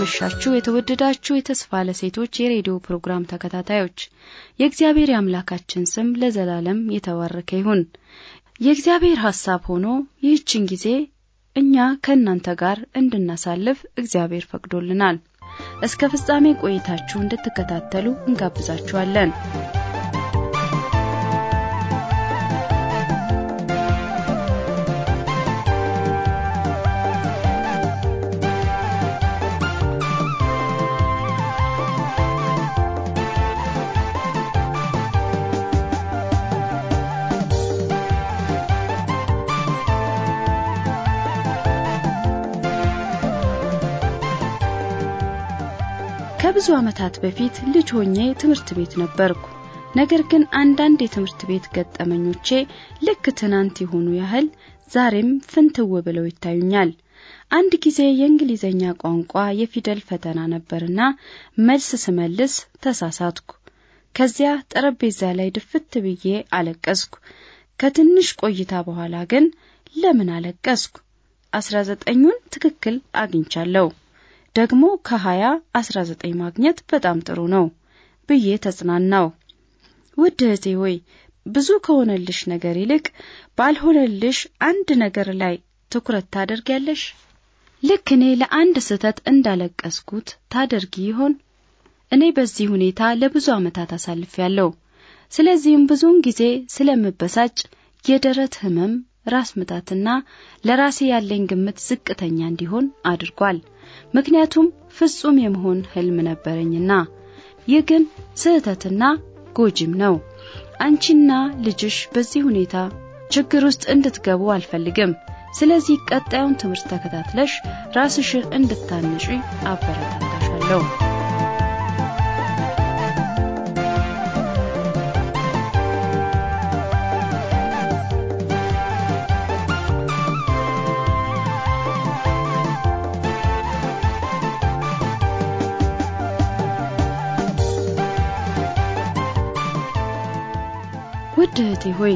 እንደምናመሻችሁ የተወደዳችሁ የተስፋ ለሴቶች የሬዲዮ ፕሮግራም ተከታታዮች የእግዚአብሔር የአምላካችን ስም ለዘላለም የተባረከ ይሁን። የእግዚአብሔር ሐሳብ ሆኖ ይህችን ጊዜ እኛ ከእናንተ ጋር እንድናሳልፍ እግዚአብሔር ፈቅዶልናል። እስከ ፍጻሜ ቆይታችሁ እንድትከታተሉ እንጋብዛችኋለን። ከብዙ ዓመታት በፊት ልጅ ሆኜ ትምህርት ቤት ነበርኩ። ነገር ግን አንዳንድ የትምህርት ቤት ገጠመኞቼ ልክ ትናንት የሆኑ ያህል ዛሬም ፍንትው ብለው ይታዩኛል። አንድ ጊዜ የእንግሊዘኛ ቋንቋ የፊደል ፈተና ነበርና መልስ ስመልስ ተሳሳትኩ። ከዚያ ጠረጴዛ ላይ ድፍት ብዬ አለቀስኩ። ከትንሽ ቆይታ በኋላ ግን ለምን አለቀስኩ? አስራ ዘጠኙን ትክክል አግኝቻለሁ። ደግሞ ከ20 19 ማግኘት በጣም ጥሩ ነው ብዬ ተጽናናው። ውድ እህቴ ሆይ ብዙ ከሆነልሽ ነገር ይልቅ ባልሆነልሽ አንድ ነገር ላይ ትኩረት ታደርጊያለሽ? ልክ እኔ ለአንድ ስህተት እንዳለቀስኩት ታደርጊ ይሆን? እኔ በዚህ ሁኔታ ለብዙ ዓመታት አሳልፊያለሁ። ስለዚህም ብዙውን ጊዜ ስለምበሳጭ የደረት ህመም፣ ራስ ምታትና ለራሴ ያለኝ ግምት ዝቅተኛ እንዲሆን አድርጓል። ምክንያቱም ፍጹም የመሆን ህልም ነበረኝና። ይህ ግን ስህተትና ጎጂም ነው። አንቺና ልጅሽ በዚህ ሁኔታ ችግር ውስጥ እንድትገቡ አልፈልግም። ስለዚህ ቀጣዩን ትምህርት ተከታትለሽ ራስሽን እንድታነሺ አበረታታሻለሁ። ሆይ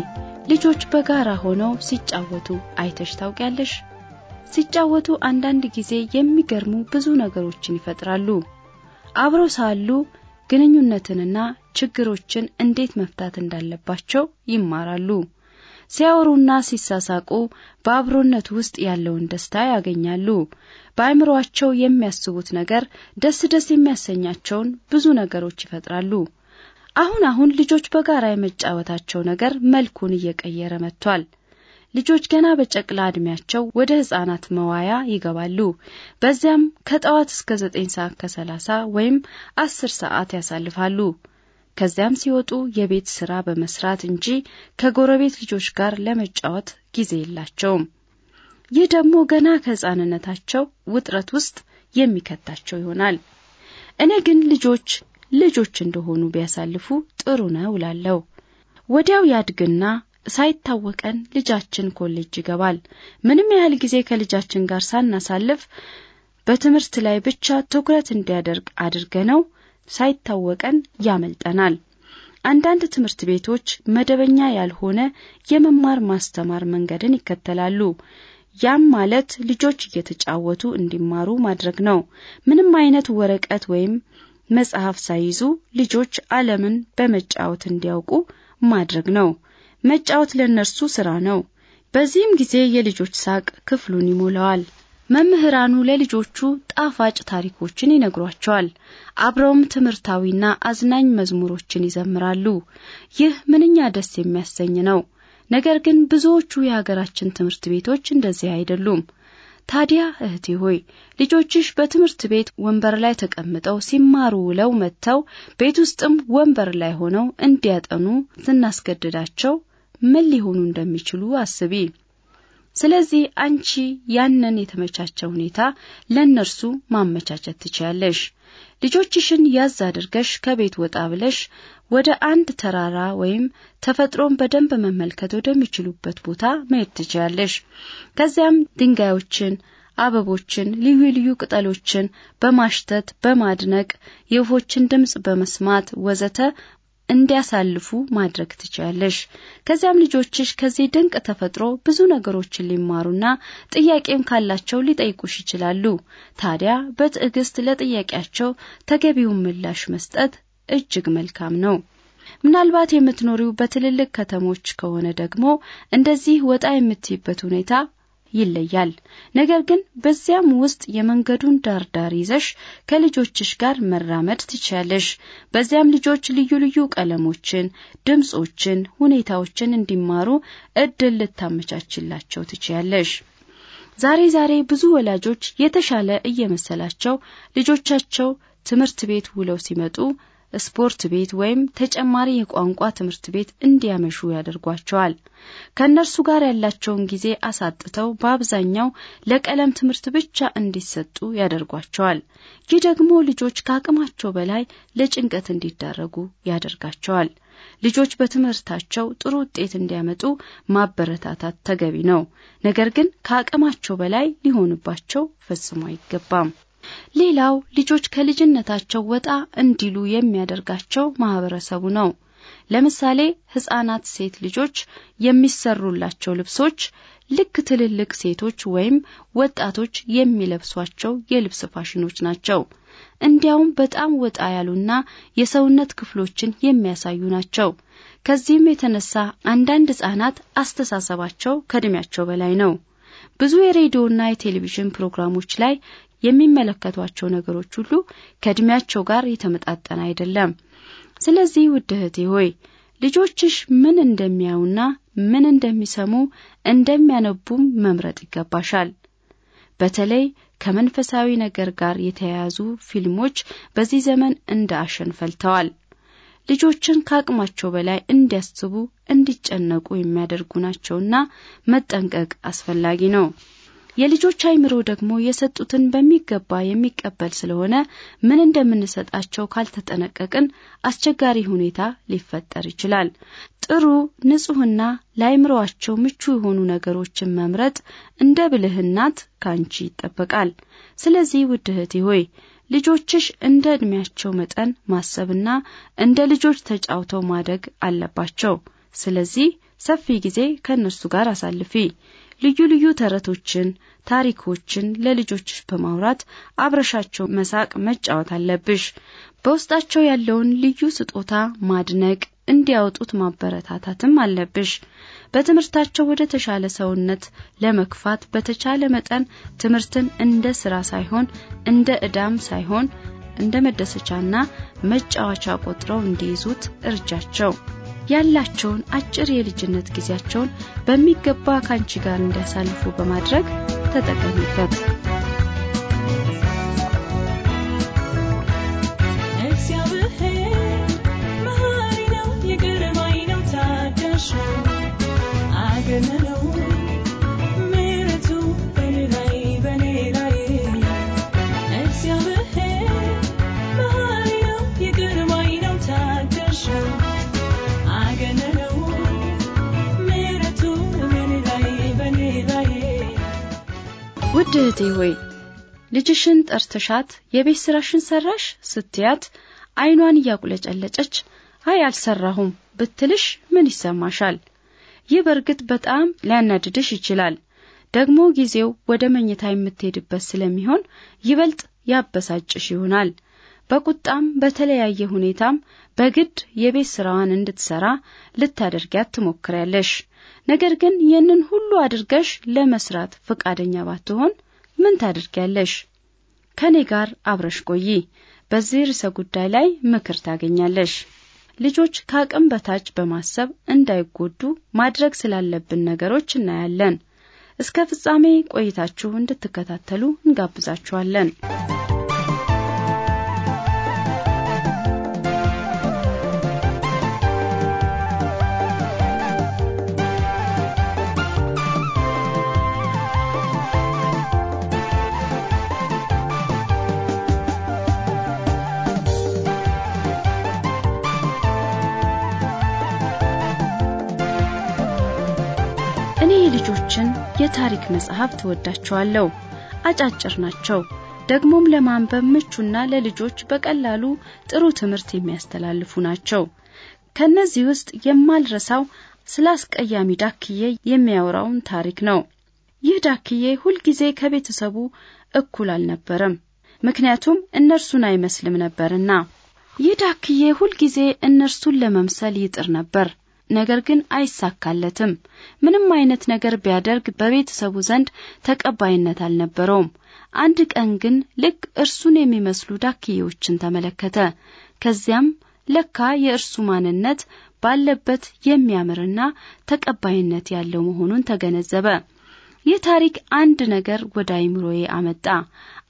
ልጆች በጋራ ሆነው ሲጫወቱ አይተሽ ታውቂያለሽ? ሲጫወቱ አንዳንድ ጊዜ የሚገርሙ ብዙ ነገሮችን ይፈጥራሉ። አብረው ሳሉ ግንኙነትንና ችግሮችን እንዴት መፍታት እንዳለባቸው ይማራሉ። ሲያወሩና ሲሳሳቁ በአብሮነት ውስጥ ያለውን ደስታ ያገኛሉ። በአእምሯቸው የሚያስቡት ነገር ደስ ደስ የሚያሰኛቸውን ብዙ ነገሮች ይፈጥራሉ። አሁን አሁን ልጆች በጋራ የመጫወታቸው ነገር መልኩን እየቀየረ መጥቷል። ልጆች ገና በጨቅላ ዕድሜያቸው ወደ ሕፃናት መዋያ ይገባሉ። በዚያም ከጠዋት እስከ ዘጠኝ ሰዓት ከሰላሳ ወይም አስር ሰዓት ያሳልፋሉ። ከዚያም ሲወጡ የቤት ስራ በመስራት እንጂ ከጎረቤት ልጆች ጋር ለመጫወት ጊዜ የላቸውም። ይህ ደግሞ ገና ከሕፃንነታቸው ውጥረት ውስጥ የሚከታቸው ይሆናል። እኔ ግን ልጆች ልጆች እንደሆኑ ቢያሳልፉ ጥሩ ነው እላለሁ። ወዲያው ያድግና ሳይታወቀን ልጃችን ኮሌጅ ይገባል። ምንም ያህል ጊዜ ከልጃችን ጋር ሳናሳልፍ በትምህርት ላይ ብቻ ትኩረት እንዲያደርግ አድርገ ነው ሳይታወቀን ያመልጠናል። አንዳንድ ትምህርት ቤቶች መደበኛ ያልሆነ የመማር ማስተማር መንገድን ይከተላሉ። ያም ማለት ልጆች እየተጫወቱ እንዲማሩ ማድረግ ነው። ምንም አይነት ወረቀት ወይም መጽሐፍ ሳይይዙ ልጆች ዓለምን በመጫወት እንዲያውቁ ማድረግ ነው። መጫወት ለእነርሱ ሥራ ነው። በዚህም ጊዜ የልጆች ሳቅ ክፍሉን ይሞላዋል። መምህራኑ ለልጆቹ ጣፋጭ ታሪኮችን ይነግሯቸዋል። አብረውም ትምህርታዊና አዝናኝ መዝሙሮችን ይዘምራሉ። ይህ ምንኛ ደስ የሚያሰኝ ነው! ነገር ግን ብዙዎቹ የሀገራችን ትምህርት ቤቶች እንደዚህ አይደሉም። ታዲያ እህቴ ሆይ ልጆችሽ በትምህርት ቤት ወንበር ላይ ተቀምጠው ሲማሩ ውለው መጥተው ቤት ውስጥም ወንበር ላይ ሆነው እንዲያጠኑ ስናስገድዳቸው ምን ሊሆኑ እንደሚችሉ አስቢ። ስለዚህ አንቺ ያንን የተመቻቸ ሁኔታ ለእነርሱ ማመቻቸት ትችያለሽ። ልጆችሽን ያዝ አድርገሽ ከቤት ወጣ ብለሽ ወደ አንድ ተራራ ወይም ተፈጥሮን በደንብ መመልከት ወደሚችሉበት ቦታ መሄድ ትችላለሽ። ከዚያም ድንጋዮችን፣ አበቦችን፣ ልዩ ልዩ ቅጠሎችን በማሽተት በማድነቅ የወፎችን ድምፅ በመስማት ወዘተ እንዲያሳልፉ ማድረግ ትችላለሽ። ከዚያም ልጆችሽ ከዚህ ድንቅ ተፈጥሮ ብዙ ነገሮችን ሊማሩና ጥያቄም ካላቸው ሊጠይቁሽ ይችላሉ። ታዲያ በትዕግስት ለጥያቄያቸው ተገቢውን ምላሽ መስጠት እጅግ መልካም ነው። ምናልባት የምትኖሪው በትልልቅ ከተሞች ከሆነ ደግሞ እንደዚህ ወጣ የምትይበት ሁኔታ ይለያል። ነገር ግን በዚያም ውስጥ የመንገዱን ዳር ዳር ይዘሽ ከልጆችሽ ጋር መራመድ ትችያለሽ። በዚያም ልጆች ልዩ ልዩ ቀለሞችን፣ ድምፆችን፣ ሁኔታዎችን እንዲማሩ እድል ልታመቻችላቸው ትችያለሽ። ዛሬ ዛሬ ብዙ ወላጆች የተሻለ እየመሰላቸው ልጆቻቸው ትምህርት ቤት ውለው ሲመጡ ስፖርት ቤት ወይም ተጨማሪ የቋንቋ ትምህርት ቤት እንዲያመሹ ያደርጓቸዋል። ከእነርሱ ጋር ያላቸውን ጊዜ አሳጥተው በአብዛኛው ለቀለም ትምህርት ብቻ እንዲሰጡ ያደርጓቸዋል። ይህ ደግሞ ልጆች ከአቅማቸው በላይ ለጭንቀት እንዲዳረጉ ያደርጋቸዋል። ልጆች በትምህርታቸው ጥሩ ውጤት እንዲያመጡ ማበረታታት ተገቢ ነው። ነገር ግን ከአቅማቸው በላይ ሊሆንባቸው ፈጽሞ አይገባም። ሌላው ልጆች ከልጅነታቸው ወጣ እንዲሉ የሚያደርጋቸው ማህበረሰቡ ነው። ለምሳሌ ህጻናት ሴት ልጆች የሚሰሩላቸው ልብሶች ልክ ትልልቅ ሴቶች ወይም ወጣቶች የሚለብሷቸው የልብስ ፋሽኖች ናቸው። እንዲያውም በጣም ወጣ ያሉና የሰውነት ክፍሎችን የሚያሳዩ ናቸው። ከዚህም የተነሳ አንዳንድ ህጻናት አስተሳሰባቸው ከእድሜያቸው በላይ ነው። ብዙ የሬዲዮና የቴሌቪዥን ፕሮግራሞች ላይ የሚመለከቷቸው ነገሮች ሁሉ ከእድሜያቸው ጋር የተመጣጠነ አይደለም። ስለዚህ ውድ እህቴ ሆይ ልጆችሽ ምን እንደሚያዩና ምን እንደሚሰሙ እንደሚያነቡም መምረጥ ይገባሻል። በተለይ ከመንፈሳዊ ነገር ጋር የተያያዙ ፊልሞች በዚህ ዘመን እንደ አሸን ፈልተዋል። ልጆችን ከአቅማቸው በላይ እንዲያስቡ፣ እንዲጨነቁ የሚያደርጉ ናቸውና መጠንቀቅ አስፈላጊ ነው። የልጆች አይምሮ ደግሞ የሰጡትን በሚገባ የሚቀበል ስለሆነ ምን እንደምንሰጣቸው ካልተጠነቀቅን አስቸጋሪ ሁኔታ ሊፈጠር ይችላል። ጥሩ ንጹህና ለአይምሮአቸው ምቹ የሆኑ ነገሮችን መምረጥ እንደ ብልህናት ካንቺ ይጠበቃል። ስለዚህ ውድ እህቴ ሆይ ልጆችሽ እንደ ዕድሜያቸው መጠን ማሰብና እንደ ልጆች ተጫውተው ማደግ አለባቸው። ስለዚህ ሰፊ ጊዜ ከእነርሱ ጋር አሳልፊ። ልዩ ልዩ ተረቶችን፣ ታሪኮችን ለልጆችሽ በማውራት አብረሻቸው መሳቅ፣ መጫወት አለብሽ። በውስጣቸው ያለውን ልዩ ስጦታ ማድነቅ፣ እንዲያወጡት ማበረታታትም አለብሽ። በትምህርታቸው ወደ ተሻለ ሰውነት ለመግፋት በተቻለ መጠን ትምህርትን እንደ ስራ ሳይሆን እንደ እዳም ሳይሆን እንደ መደሰቻና መጫወቻ ቆጥረው እንዲይዙት እርጃቸው። ያላቸውን አጭር የልጅነት ጊዜያቸውን በሚገባ ካንቺ ጋር እንዲያሳልፉ በማድረግ ተጠቀሚበት። ውድ እህቴ ሆይ ልጅሽን ጠርተሻት የቤት ስራሽን ሰራሽ ስትያት አይኗን እያቁለጨለጨች አይ አልሰራሁም ብትልሽ ምን ይሰማሻል? ይህ በእርግጥ በጣም ሊያናድድሽ ይችላል። ደግሞ ጊዜው ወደ መኝታ የምትሄድበት ስለሚሆን ይበልጥ ያበሳጭሽ ይሆናል። በቁጣም በተለያየ ሁኔታም በግድ የቤት ስራዋን እንድትሰራ ልታደርጊያት ትሞክሪያለሽ። ነገር ግን ይህንን ሁሉ አድርገሽ ለመስራት ፈቃደኛ ባትሆን ምን ታደርጊያለሽ? ከኔ ጋር አብረሽ ቆይ። በዚህ ርዕሰ ጉዳይ ላይ ምክር ታገኛለሽ። ልጆች ከአቅም በታች በማሰብ እንዳይጎዱ ማድረግ ስላለብን ነገሮች እናያለን። እስከ ፍጻሜ ቆይታችሁ እንድትከታተሉ እንጋብዛችኋለን። የሀገራችን የታሪክ መጽሐፍ ትወዳቸዋለሁ። አጫጭር ናቸው፣ ደግሞም ለማንበብ ምቹና ለልጆች በቀላሉ ጥሩ ትምህርት የሚያስተላልፉ ናቸው። ከነዚህ ውስጥ የማልረሳው ስለ አስቀያሚ ዳክዬ የሚያወራውን ታሪክ ነው። ይህ ዳክዬ ሁልጊዜ ከቤተሰቡ እኩል አልነበረም፣ ምክንያቱም እነርሱን አይመስልም ነበርና። ይህ ዳክዬ ሁልጊዜ እነርሱን ለመምሰል ይጥር ነበር። ነገር ግን አይሳካለትም። ምንም አይነት ነገር ቢያደርግ በቤተሰቡ ዘንድ ተቀባይነት አልነበረውም። አንድ ቀን ግን ልክ እርሱን የሚመስሉ ዳክዬዎችን ተመለከተ። ከዚያም ለካ የእርሱ ማንነት ባለበት የሚያምርና ተቀባይነት ያለው መሆኑን ተገነዘበ። ይህ ታሪክ አንድ ነገር ወደ አይምሮዬ አመጣ።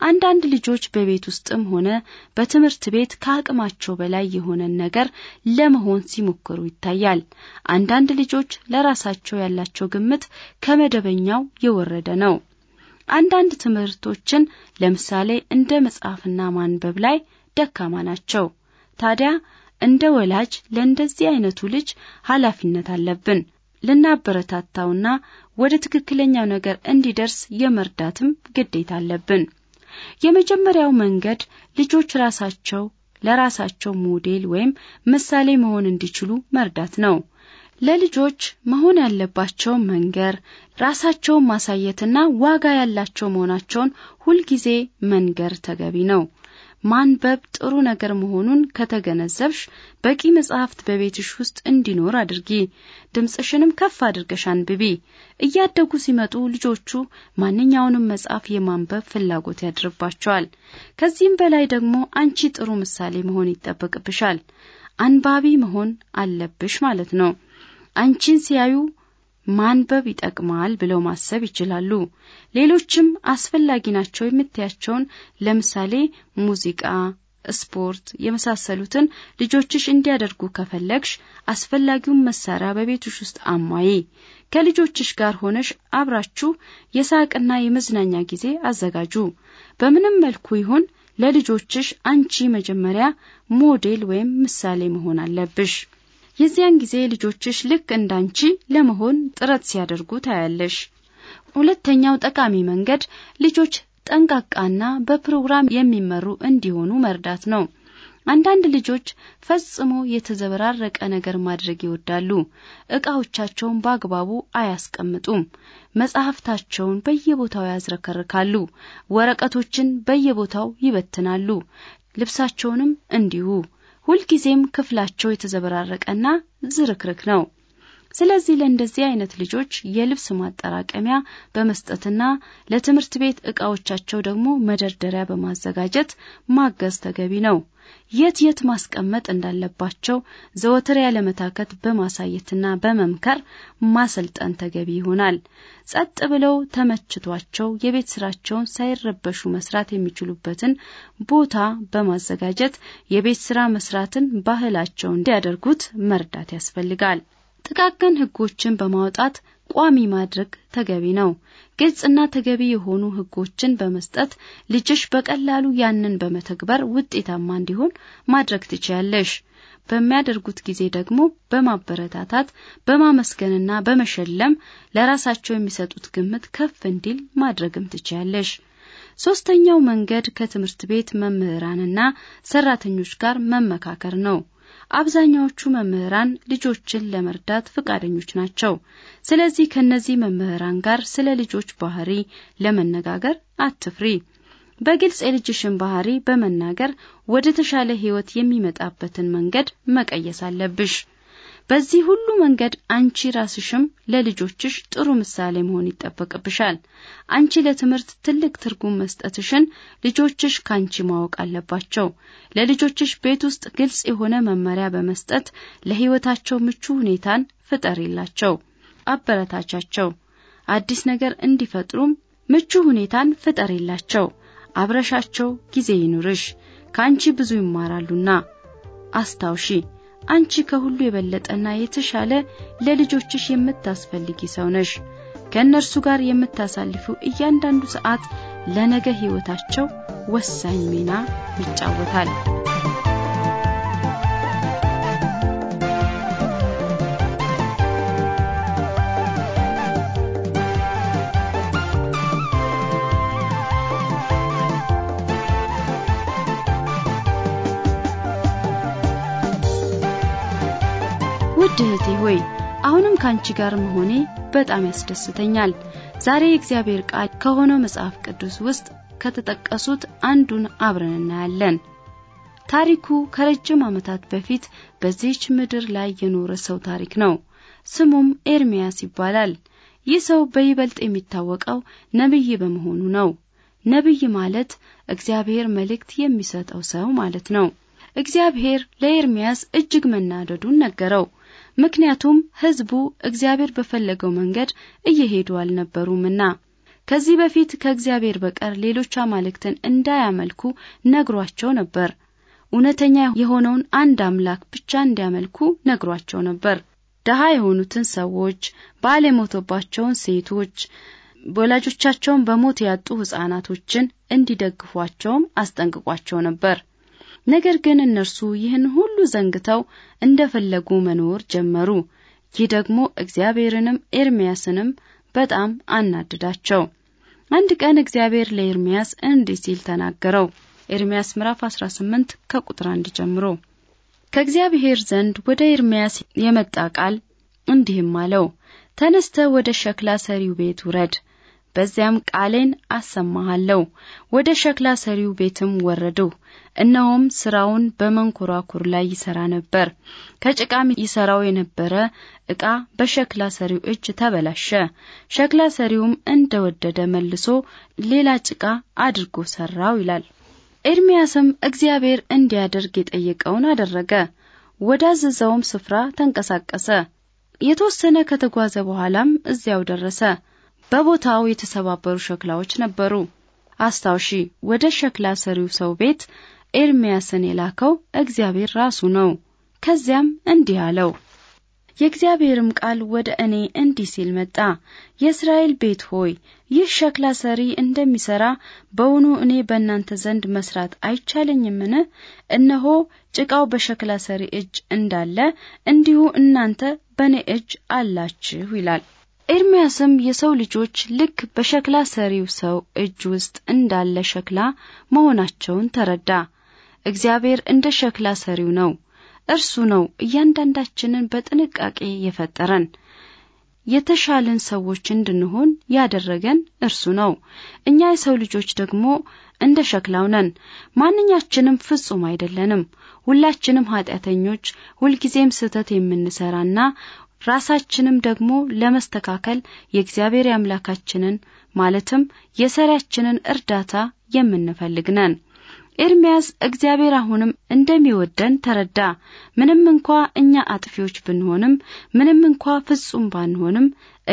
አንዳንድ ልጆች በቤት ውስጥም ሆነ በትምህርት ቤት ከአቅማቸው በላይ የሆነን ነገር ለመሆን ሲሞክሩ ይታያል። አንዳንድ ልጆች ለራሳቸው ያላቸው ግምት ከመደበኛው የወረደ ነው። አንዳንድ ትምህርቶችን ለምሳሌ እንደ መጻፍና ማንበብ ላይ ደካማ ናቸው። ታዲያ እንደ ወላጅ ለእንደዚህ አይነቱ ልጅ ኃላፊነት አለብን። ልናበረታታውና ወደ ትክክለኛው ነገር እንዲደርስ የመርዳትም ግዴታ አለብን። የመጀመሪያው መንገድ ልጆች ራሳቸው ለራሳቸው ሞዴል ወይም ምሳሌ መሆን እንዲችሉ መርዳት ነው። ለልጆች መሆን ያለባቸው መንገር፣ ራሳቸውን ማሳየትና ዋጋ ያላቸው መሆናቸውን ሁልጊዜ መንገር ተገቢ ነው። ማንበብ ጥሩ ነገር መሆኑን ከተገነዘብሽ በቂ መጽሐፍት በቤትሽ ውስጥ እንዲኖር አድርጊ። ድምፅሽንም ከፍ አድርገሽ አንብቢ። እያደጉ ሲመጡ ልጆቹ ማንኛውንም መጽሐፍ የማንበብ ፍላጎት ያድርባቸዋል። ከዚህም በላይ ደግሞ አንቺ ጥሩ ምሳሌ መሆን ይጠበቅብሻል። አንባቢ መሆን አለብሽ ማለት ነው። አንቺን ሲያዩ ማንበብ ይጠቅማል ብለው ማሰብ ይችላሉ። ሌሎችም አስፈላጊ ናቸው የምታያቸውን ለምሳሌ ሙዚቃ፣ ስፖርት የመሳሰሉትን ልጆችሽ እንዲያደርጉ ከፈለግሽ አስፈላጊውን መሳሪያ በቤትሽ ውስጥ አሟይ። ከልጆችሽ ጋር ሆነሽ አብራችሁ የሳቅና የመዝናኛ ጊዜ አዘጋጁ። በምንም መልኩ ይሁን ለልጆችሽ አንቺ መጀመሪያ ሞዴል ወይም ምሳሌ መሆን አለብሽ። የዚያን ጊዜ ልጆችሽ ልክ እንዳንቺ ለመሆን ጥረት ሲያደርጉ ታያለሽ። ሁለተኛው ጠቃሚ መንገድ ልጆች ጠንቃቃና በፕሮግራም የሚመሩ እንዲሆኑ መርዳት ነው። አንዳንድ ልጆች ፈጽሞ የተዘበራረቀ ነገር ማድረግ ይወዳሉ። እቃዎቻቸውን በአግባቡ አያስቀምጡም። መጽሐፍታቸውን በየቦታው ያዝረከርካሉ። ወረቀቶችን በየቦታው ይበትናሉ። ልብሳቸውንም እንዲሁ። ሁልጊዜም ክፍላቸው የተዘበራረቀና ዝርክርክ ነው። ስለዚህ ለእንደዚህ አይነት ልጆች የልብስ ማጠራቀሚያ በመስጠትና ለትምህርት ቤት እቃዎቻቸው ደግሞ መደርደሪያ በማዘጋጀት ማገዝ ተገቢ ነው። የት የት ማስቀመጥ እንዳለባቸው ዘወትር ያለመታከት በማሳየትና በመምከር ማሰልጠን ተገቢ ይሆናል። ጸጥ ብለው ተመችቷቸው የቤት ስራቸውን ሳይረበሹ መስራት የሚችሉበትን ቦታ በማዘጋጀት የቤት ስራ መስራትን ባህላቸው እንዲያደርጉት መርዳት ያስፈልጋል። ጥቃቅን ህጎችን በማውጣት ቋሚ ማድረግ ተገቢ ነው። ግልጽና ተገቢ የሆኑ ህጎችን በመስጠት ልጅሽ በቀላሉ ያንን በመተግበር ውጤታማ እንዲሆን ማድረግ ትችያለሽ። በሚያደርጉት ጊዜ ደግሞ በማበረታታት በማመስገንና በመሸለም ለራሳቸው የሚሰጡት ግምት ከፍ እንዲል ማድረግም ትችያለሽ። ሶስተኛው መንገድ ከትምህርት ቤት መምህራንና ሰራተኞች ጋር መመካከር ነው። አብዛኛዎቹ መምህራን ልጆችን ለመርዳት ፈቃደኞች ናቸው። ስለዚህ ከእነዚህ መምህራን ጋር ስለ ልጆች ባህሪ ለመነጋገር አትፍሪ። በግልጽ የልጅሽን ባህሪ በመናገር ወደ ተሻለ ሕይወት የሚመጣበትን መንገድ መቀየስ አለብሽ። በዚህ ሁሉ መንገድ አንቺ ራስሽም ለልጆችሽ ጥሩ ምሳሌ መሆን ይጠበቅብሻል። አንቺ ለትምህርት ትልቅ ትርጉም መስጠትሽን ልጆችሽ ካንቺ ማወቅ አለባቸው። ለልጆችሽ ቤት ውስጥ ግልጽ የሆነ መመሪያ በመስጠት ለሕይወታቸው ምቹ ሁኔታን ፍጠሪላቸው፣ አበረታቻቸው። አዲስ ነገር እንዲፈጥሩም ምቹ ሁኔታን ፍጠሪላቸው። አብረሻቸው ጊዜ ይኑርሽ፣ ካንቺ ብዙ ይማራሉና። አስታውሺ አንቺ ከሁሉ የበለጠና የተሻለ ለልጆችሽ የምታስፈልጊ ሰው ነሽ። ከእነርሱ ጋር የምታሳልፊው እያንዳንዱ ሰዓት ለነገ ሕይወታቸው ወሳኝ ሚና ይጫወታል። ውድ እህቴ ሆይ አሁንም ከአንቺ ጋር መሆኔ በጣም ያስደስተኛል። ዛሬ የእግዚአብሔር ቃል ከሆነው መጽሐፍ ቅዱስ ውስጥ ከተጠቀሱት አንዱን አብረን እናያለን። ታሪኩ ከረጅም ዓመታት በፊት በዚህች ምድር ላይ የኖረ ሰው ታሪክ ነው። ስሙም ኤርሚያስ ይባላል። ይህ ሰው በይበልጥ የሚታወቀው ነብይ በመሆኑ ነው። ነብይ ማለት እግዚአብሔር መልእክት የሚሰጠው ሰው ማለት ነው። እግዚአብሔር ለኤርሚያስ እጅግ መናደዱን ነገረው። ምክንያቱም ሕዝቡ እግዚአብሔር በፈለገው መንገድ እየሄዱ አልነበሩምና። ከዚህ በፊት ከእግዚአብሔር በቀር ሌሎች አማልክትን እንዳያመልኩ ነግሯቸው ነበር። እውነተኛ የሆነውን አንድ አምላክ ብቻ እንዲያመልኩ ነግሯቸው ነበር። ድሃ የሆኑትን ሰዎች፣ ባል የሞተባቸውን ሴቶች፣ ወላጆቻቸውን በሞት ያጡ ሕፃናቶችን እንዲደግፏቸውም አስጠንቅቋቸው ነበር። ነገር ግን እነርሱ ይህን ሁሉ ዘንግተው እንደፈለጉ መኖር ጀመሩ። ይህ ደግሞ እግዚአብሔርንም ኤርምያስንም በጣም አናድዳቸው። አንድ ቀን እግዚአብሔር ለኤርምያስ እንዲህ ሲል ተናገረው። ኤርምያስ ምዕራፍ 18 ከቁጥር 1 ጀምሮ። ከእግዚአብሔር ዘንድ ወደ ኤርምያስ የመጣ ቃል እንዲህም አለው፣ ተነስተ ወደ ሸክላ ሰሪው ቤት ውረድ በዚያም ቃሌን አሰማሃለሁ። ወደ ሸክላ ሰሪው ቤትም ወረድሁ እነሆም ስራውን በመንኮራኩር ላይ ይሰራ ነበር። ከጭቃም ይሰራው የነበረ ዕቃ በሸክላ ሰሪው እጅ ተበላሸ። ሸክላ ሰሪውም እንደ ወደደ መልሶ ሌላ ጭቃ አድርጎ ሰራው ይላል። ኤርሚያስም እግዚአብሔር እንዲያደርግ የጠየቀውን አደረገ። ወዳዘዘውም ስፍራ ተንቀሳቀሰ። የተወሰነ ከተጓዘ በኋላም እዚያው ደረሰ። በቦታው የተሰባበሩ ሸክላዎች ነበሩ። አስታውሺ፣ ወደ ሸክላ ሰሪው ሰው ቤት ኤርሚያስን የላከው እግዚአብሔር ራሱ ነው። ከዚያም እንዲህ አለው። የእግዚአብሔርም ቃል ወደ እኔ እንዲህ ሲል መጣ። የእስራኤል ቤት ሆይ ይህ ሸክላ ሰሪ እንደሚሰራ በውኑ እኔ በእናንተ ዘንድ መስራት አይቻለኝምን? እነሆ ጭቃው በሸክላ ሰሪ እጅ እንዳለ እንዲሁ እናንተ በእኔ እጅ አላችሁ ይላል። ኤርምያስም የሰው ልጆች ልክ በሸክላ ሰሪው ሰው እጅ ውስጥ እንዳለ ሸክላ መሆናቸውን ተረዳ። እግዚአብሔር እንደ ሸክላ ሰሪው ነው። እርሱ ነው እያንዳንዳችንን በጥንቃቄ የፈጠረን። የተሻልን ሰዎች እንድንሆን ያደረገን እርሱ ነው። እኛ የሰው ልጆች ደግሞ እንደ ሸክላው ነን። ማንኛችንም ፍጹም አይደለንም። ሁላችንም ኃጢአተኞች፣ ሁልጊዜም ስህተት የምንሰራና ራሳችንም ደግሞ ለመስተካከል የእግዚአብሔር አምላካችንን ማለትም የሰሪያችንን እርዳታ የምንፈልግ ነን። ኤርምያስ እግዚአብሔር አሁንም እንደሚወደን ተረዳ። ምንም እንኳ እኛ አጥፊዎች ብንሆንም፣ ምንም እንኳ ፍጹም ባንሆንም፣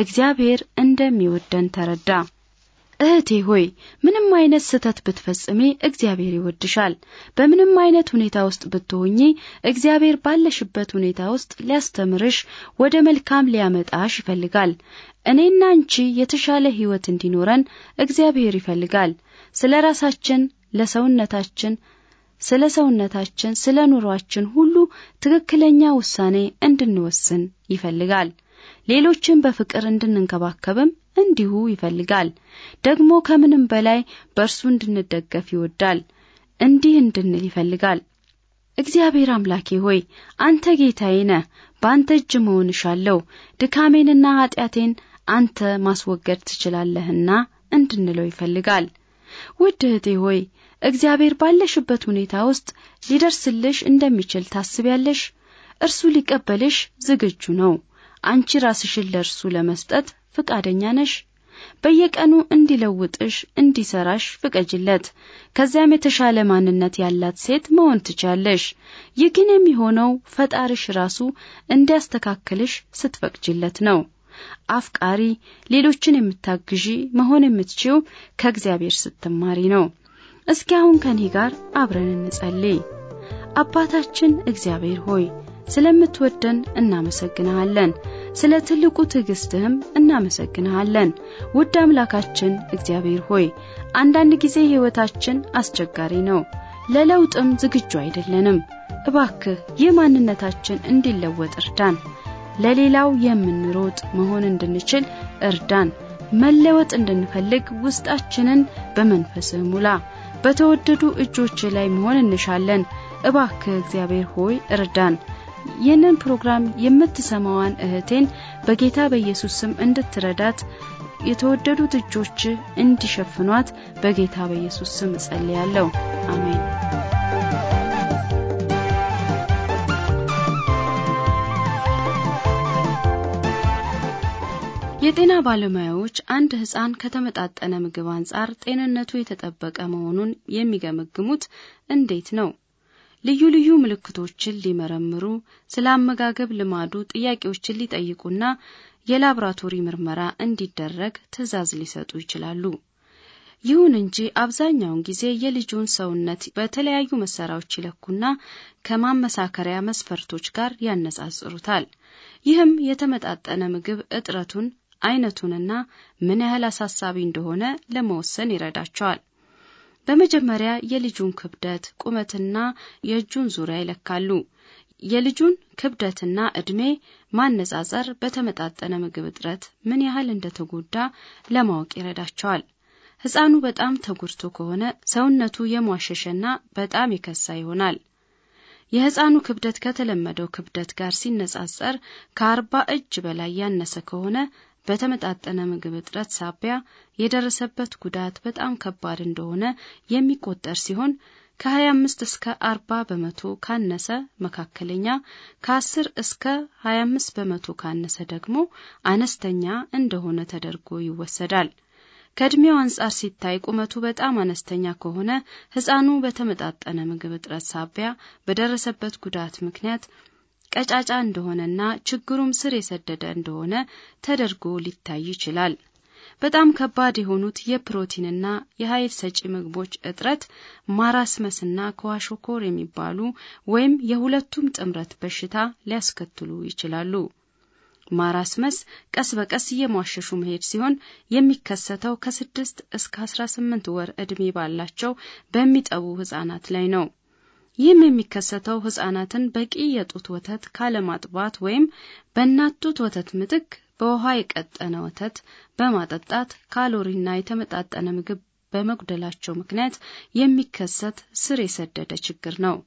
እግዚአብሔር እንደሚወደን ተረዳ። እህቴ ሆይ ምንም አይነት ስህተት ብትፈጽሜ እግዚአብሔር ይወድሻል። በምንም አይነት ሁኔታ ውስጥ ብትሆኚ እግዚአብሔር ባለሽበት ሁኔታ ውስጥ ሊያስተምርሽ፣ ወደ መልካም ሊያመጣሽ ይፈልጋል። እኔና አንቺ የተሻለ ሕይወት እንዲኖረን እግዚአብሔር ይፈልጋል። ስለ ራሳችን፣ ለሰውነታችን ስለ ሰውነታችን፣ ስለ ኑሯችን ሁሉ ትክክለኛ ውሳኔ እንድንወስን ይፈልጋል። ሌሎችን በፍቅር እንድንንከባከብም እንዲሁ ይፈልጋል። ደግሞ ከምንም በላይ በእርሱ እንድንደገፍ ይወዳል። እንዲህ እንድንል ይፈልጋል። እግዚአብሔር አምላኬ ሆይ አንተ ጌታዬ ነህ። በአንተ እጅ መሆን እሻለሁ። ድካሜንና ኃጢአቴን አንተ ማስወገድ ትችላለህና እንድንለው ይፈልጋል። ውድ እህቴ ሆይ እግዚአብሔር ባለሽበት ሁኔታ ውስጥ ሊደርስልሽ እንደሚችል ታስቢያለሽ? እርሱ ሊቀበልሽ ዝግጁ ነው። አንቺ ራስሽን ለእርሱ ለመስጠት ፍቃደኛ ነሽ? በየቀኑ እንዲለውጥሽ እንዲሰራሽ ፍቀጅለት። ከዚያም የተሻለ ማንነት ያላት ሴት መሆን ትቻለሽ። ይህ ግን የሚሆነው ፈጣሪሽ ራሱ እንዲያስተካክልሽ ስትፈቅጅለት ነው። አፍቃሪ፣ ሌሎችን የምታግዢ መሆን የምትችው ከእግዚአብሔር ስትማሪ ነው። እስኪ አሁን ከኔ ጋር አብረን እንጸልይ። አባታችን እግዚአብሔር ሆይ ስለምትወደን እናመሰግንሃለን። ስለ ትልቁ ትዕግስትህም እናመሰግንሃለን። ውድ አምላካችን እግዚአብሔር ሆይ አንዳንድ ጊዜ ሕይወታችን አስቸጋሪ ነው፣ ለለውጥም ዝግጁ አይደለንም። እባክህ ይህ ማንነታችን እንዲለወጥ እርዳን። ለሌላው የምንሮጥ መሆን እንድንችል እርዳን። መለወጥ እንድንፈልግ ውስጣችንን በመንፈስህ ሙላ። በተወደዱ እጆች ላይ መሆን እንሻለን። እባክህ እግዚአብሔር ሆይ እርዳን። ይህንን ፕሮግራም የምትሰማዋን እህቴን በጌታ በኢየሱስ ስም እንድትረዳት የተወደዱት እጆች እንዲሸፍኗት በጌታ በኢየሱስ ስም እጸልያለሁ። አሜን። የጤና ባለሙያዎች አንድ ህፃን ከተመጣጠነ ምግብ አንጻር ጤንነቱ የተጠበቀ መሆኑን የሚገመግሙት እንዴት ነው? ልዩ ልዩ ምልክቶችን ሊመረምሩ ስለ አመጋገብ ልማዱ ጥያቄዎችን ሊጠይቁና የላብራቶሪ ምርመራ እንዲደረግ ትዕዛዝ ሊሰጡ ይችላሉ። ይሁን እንጂ አብዛኛውን ጊዜ የልጁን ሰውነት በተለያዩ መሳሪያዎች ይለኩና ከማመሳከሪያ መስፈርቶች ጋር ያነጻጽሩታል። ይህም የተመጣጠነ ምግብ እጥረቱን አይነቱንና ምን ያህል አሳሳቢ እንደሆነ ለመወሰን ይረዳቸዋል። በመጀመሪያ የልጁን ክብደት ቁመትና የእጁን ዙሪያ ይለካሉ። የልጁን ክብደትና ዕድሜ ማነጻጸር በተመጣጠነ ምግብ እጥረት ምን ያህል እንደተጎዳ ለማወቅ ይረዳቸዋል። ሕፃኑ በጣም ተጎድቶ ከሆነ ሰውነቱ የሟሸሸና በጣም የከሳ ይሆናል። የሕፃኑ ክብደት ከተለመደው ክብደት ጋር ሲነጻጸር ከአርባ እጅ በላይ ያነሰ ከሆነ በተመጣጠነ ምግብ እጥረት ሳቢያ የደረሰበት ጉዳት በጣም ከባድ እንደሆነ የሚቆጠር ሲሆን ከ25 እስከ 40 በመቶ ካነሰ መካከለኛ፣ ከ10 እስከ 25 በመቶ ካነሰ ደግሞ አነስተኛ እንደሆነ ተደርጎ ይወሰዳል። ከእድሜው አንጻር ሲታይ ቁመቱ በጣም አነስተኛ ከሆነ ሕፃኑ በተመጣጠነ ምግብ እጥረት ሳቢያ በደረሰበት ጉዳት ምክንያት ቀጫጫ እንደሆነና ችግሩም ስር የሰደደ እንደሆነ ተደርጎ ሊታይ ይችላል። በጣም ከባድ የሆኑት የፕሮቲንና የኃይል ሰጪ ምግቦች እጥረት ማራስመስና ከዋሾኮር የሚባሉ ወይም የሁለቱም ጥምረት በሽታ ሊያስከትሉ ይችላሉ። ማራስመስ ቀስ በቀስ እየሟሸሹ መሄድ ሲሆን የሚከሰተው ከስድስት እስከ አስራ ስምንት ወር ዕድሜ ባላቸው በሚጠቡ ህጻናት ላይ ነው። ይህም የሚከሰተው ህጻናትን በቂ የጡት ወተት ካለማጥባት ወይም በእናት ጡት ወተት ምትክ በውሃ የቀጠነ ወተት በማጠጣት ካሎሪና የተመጣጠነ ምግብ በመጉደላቸው ምክንያት የሚከሰት ስር የሰደደ ችግር ነው።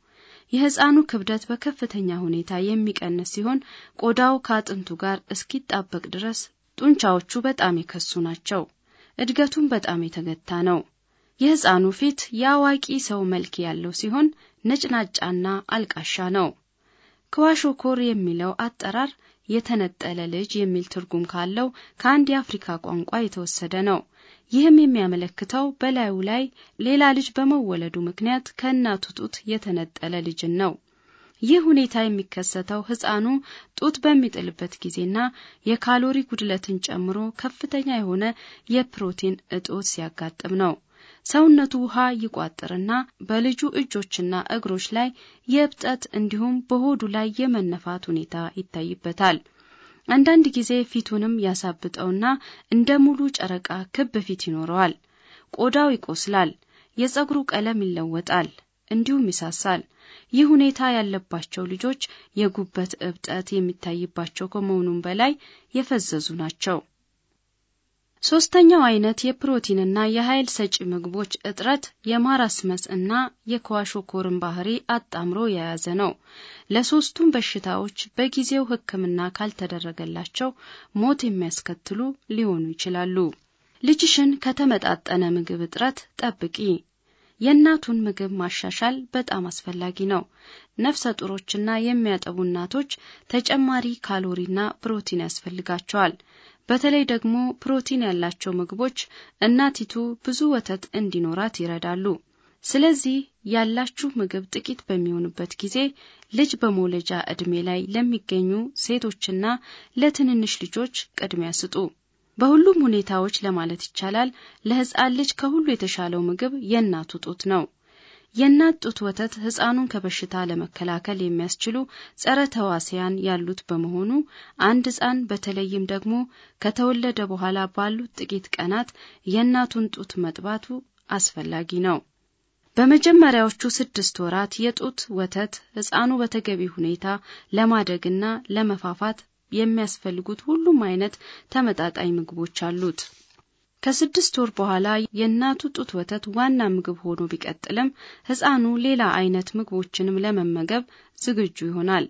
የህፃኑ ክብደት በከፍተኛ ሁኔታ የሚቀንስ ሲሆን ቆዳው ከአጥንቱ ጋር እስኪጣበቅ ድረስ ጡንቻዎቹ በጣም የከሱ ናቸው። እድገቱም በጣም የተገታ ነው። የህፃኑ ፊት የአዋቂ ሰው መልክ ያለው ሲሆን ነጭናጫና አልቃሻ ነው። ክዋሾኮር የሚለው አጠራር የተነጠለ ልጅ የሚል ትርጉም ካለው ከአንድ የአፍሪካ ቋንቋ የተወሰደ ነው። ይህም የሚያመለክተው በላዩ ላይ ሌላ ልጅ በመወለዱ ምክንያት ከእናቱ ጡት የተነጠለ ልጅን ነው። ይህ ሁኔታ የሚከሰተው ሕፃኑ ጡት በሚጥልበት ጊዜና የካሎሪ ጉድለትን ጨምሮ ከፍተኛ የሆነ የፕሮቲን እጦት ሲያጋጥም ነው። ሰውነቱ ውሃ ይቋጥርና በልጁ እጆችና እግሮች ላይ የእብጠት እንዲሁም በሆዱ ላይ የመነፋት ሁኔታ ይታይበታል። አንዳንድ ጊዜ ፊቱንም ያሳብጠውና እንደ ሙሉ ጨረቃ ክብ ፊት ይኖረዋል። ቆዳው ይቆስላል፣ የፀጉሩ ቀለም ይለወጣል፣ እንዲሁም ይሳሳል። ይህ ሁኔታ ያለባቸው ልጆች የጉበት እብጠት የሚታይባቸው ከመሆኑም በላይ የፈዘዙ ናቸው። ሶስተኛው አይነት የፕሮቲንና የኃይል ሰጪ ምግቦች እጥረት የማራስመስ እና የኳሾኮርን ባህሪ አጣምሮ የያዘ ነው። ለሶስቱም በሽታዎች በጊዜው ሕክምና ካልተደረገላቸው ሞት የሚያስከትሉ ሊሆኑ ይችላሉ። ልጅሽን ከተመጣጠነ ምግብ እጥረት ጠብቂ። የእናቱን ምግብ ማሻሻል በጣም አስፈላጊ ነው። ነፍሰ ጡሮችና የሚያጠቡ እናቶች ተጨማሪ ካሎሪና ፕሮቲን ያስፈልጋቸዋል። በተለይ ደግሞ ፕሮቲን ያላቸው ምግቦች እናቲቱ ብዙ ወተት እንዲኖራት ይረዳሉ። ስለዚህ ያላችሁ ምግብ ጥቂት በሚሆንበት ጊዜ ልጅ በመውለጃ ዕድሜ ላይ ለሚገኙ ሴቶችና ለትንንሽ ልጆች ቅድሚያ ስጡ። በሁሉም ሁኔታዎች ለማለት ይቻላል ለሕፃን ልጅ ከሁሉ የተሻለው ምግብ የእናቱ ጡት ነው። የእናት ጡት ወተት ህፃኑን ከበሽታ ለመከላከል የሚያስችሉ ጸረ ተዋሲያን ያሉት በመሆኑ አንድ ህፃን በተለይም ደግሞ ከተወለደ በኋላ ባሉት ጥቂት ቀናት የእናቱን ጡት መጥባቱ አስፈላጊ ነው። በመጀመሪያዎቹ ስድስት ወራት የጡት ወተት ህፃኑ በተገቢ ሁኔታ ለማደግና ለመፋፋት የሚያስፈልጉት ሁሉም አይነት ተመጣጣኝ ምግቦች አሉት። ከስድስት ወር በኋላ የእናቱ ጡት ወተት ዋና ምግብ ሆኖ ቢቀጥልም ሕፃኑ ሌላ አይነት ምግቦችንም ለመመገብ ዝግጁ ይሆናል።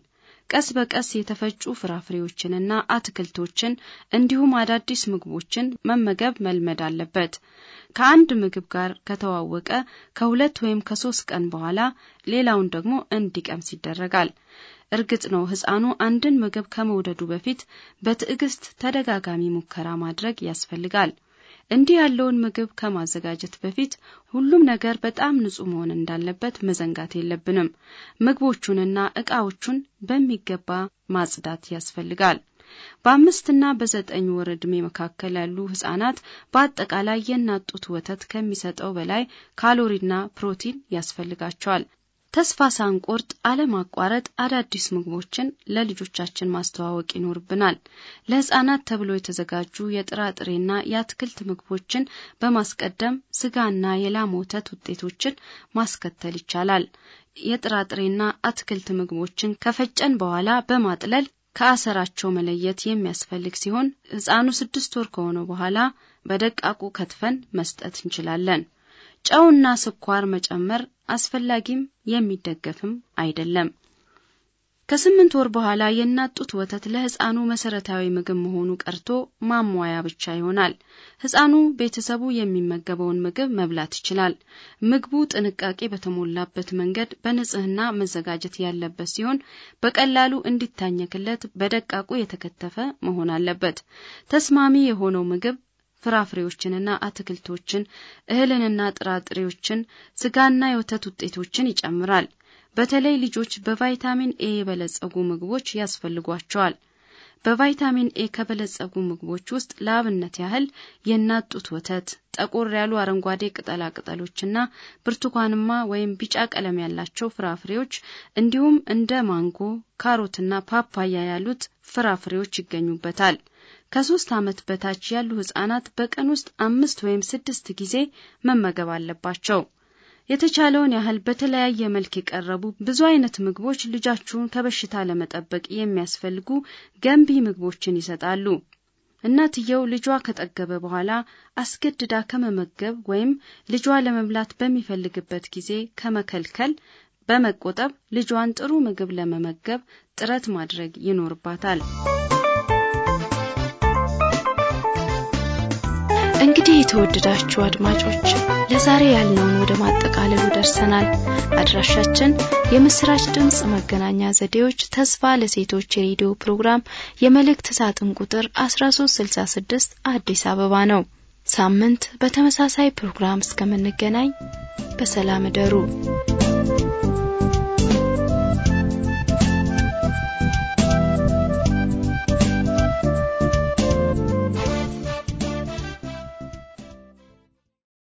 ቀስ በቀስ የተፈጩ ፍራፍሬዎችንና አትክልቶችን እንዲሁም አዳዲስ ምግቦችን መመገብ መልመድ አለበት። ከአንድ ምግብ ጋር ከተዋወቀ ከሁለት ወይም ከሶስት ቀን በኋላ ሌላውን ደግሞ እንዲቀምስ ይደረጋል። እርግጥ ነው ሕፃኑ አንድን ምግብ ከመውደዱ በፊት በትዕግስት ተደጋጋሚ ሙከራ ማድረግ ያስፈልጋል። እንዲህ ያለውን ምግብ ከማዘጋጀት በፊት ሁሉም ነገር በጣም ንጹህ መሆን እንዳለበት መዘንጋት የለብንም። ምግቦቹንና ዕቃዎቹን በሚገባ ማጽዳት ያስፈልጋል። በአምስትና በዘጠኝ ወር ዕድሜ መካከል ያሉ ሕፃናት በአጠቃላይ የእናት ጡት ወተት ከሚሰጠው በላይ ካሎሪና ፕሮቲን ያስፈልጋቸዋል። ተስፋ ሳንቆርጥ አለማቋረጥ አዳዲስ ምግቦችን ለልጆቻችን ማስተዋወቅ ይኖርብናል። ለሕፃናት ተብሎ የተዘጋጁ የጥራጥሬና የአትክልት ምግቦችን በማስቀደም ስጋና የላም ወተት ውጤቶችን ማስከተል ይቻላል። የጥራጥሬና አትክልት ምግቦችን ከፈጨን በኋላ በማጥለል ከአሰራቸው መለየት የሚያስፈልግ ሲሆን ሕፃኑ ስድስት ወር ከሆነ በኋላ በደቃቁ ከትፈን መስጠት እንችላለን። ጨውና ስኳር መጨመር አስፈላጊም የሚደገፍም አይደለም። ከስምንት ወር በኋላ የእናት ጡት ወተት ለሕፃኑ መሰረታዊ ምግብ መሆኑ ቀርቶ ማሟያ ብቻ ይሆናል። ሕፃኑ ቤተሰቡ የሚመገበውን ምግብ መብላት ይችላል። ምግቡ ጥንቃቄ በተሞላበት መንገድ በንጽህና መዘጋጀት ያለበት ሲሆን በቀላሉ እንዲታኘክለት በደቃቁ የተከተፈ መሆን አለበት። ተስማሚ የሆነው ምግብ ፍራፍሬዎችንና አትክልቶችን፣ እህልንና ጥራጥሬዎችን፣ ስጋና የወተት ውጤቶችን ይጨምራል። በተለይ ልጆች በቫይታሚን ኤ የበለጸጉ ምግቦች ያስፈልጓቸዋል። በቫይታሚን ኤ ከበለጸጉ ምግቦች ውስጥ ለአብነት ያህል የእናት ጡት ወተት፣ ጠቆር ያሉ አረንጓዴ ቅጠላ ቅጠሎችና ብርቱካንማ ወይም ቢጫ ቀለም ያላቸው ፍራፍሬዎች እንዲሁም እንደ ማንጎ፣ ካሮትና ፓፓያ ያሉት ፍራፍሬዎች ይገኙበታል። ከሶስት ዓመት በታች ያሉ ሕፃናት በቀን ውስጥ አምስት ወይም ስድስት ጊዜ መመገብ አለባቸው። የተቻለውን ያህል በተለያየ መልክ የቀረቡ ብዙ አይነት ምግቦች ልጃችሁን ከበሽታ ለመጠበቅ የሚያስፈልጉ ገንቢ ምግቦችን ይሰጣሉ። እናትየው ልጇ ከጠገበ በኋላ አስገድዳ ከመመገብ ወይም ልጇ ለመብላት በሚፈልግበት ጊዜ ከመከልከል በመቆጠብ ልጇን ጥሩ ምግብ ለመመገብ ጥረት ማድረግ ይኖርባታል። እንግዲህ የተወደዳችሁ አድማጮች ለዛሬ ያልነውን ወደ ማጠቃለሉ ደርሰናል። አድራሻችን የምስራች ድምፅ መገናኛ ዘዴዎች ተስፋ ለሴቶች የሬዲዮ ፕሮግራም የመልእክት ሳጥን ቁጥር 1366 አዲስ አበባ ነው። ሳምንት በተመሳሳይ ፕሮግራም እስከምንገናኝ በሰላም እደሩ።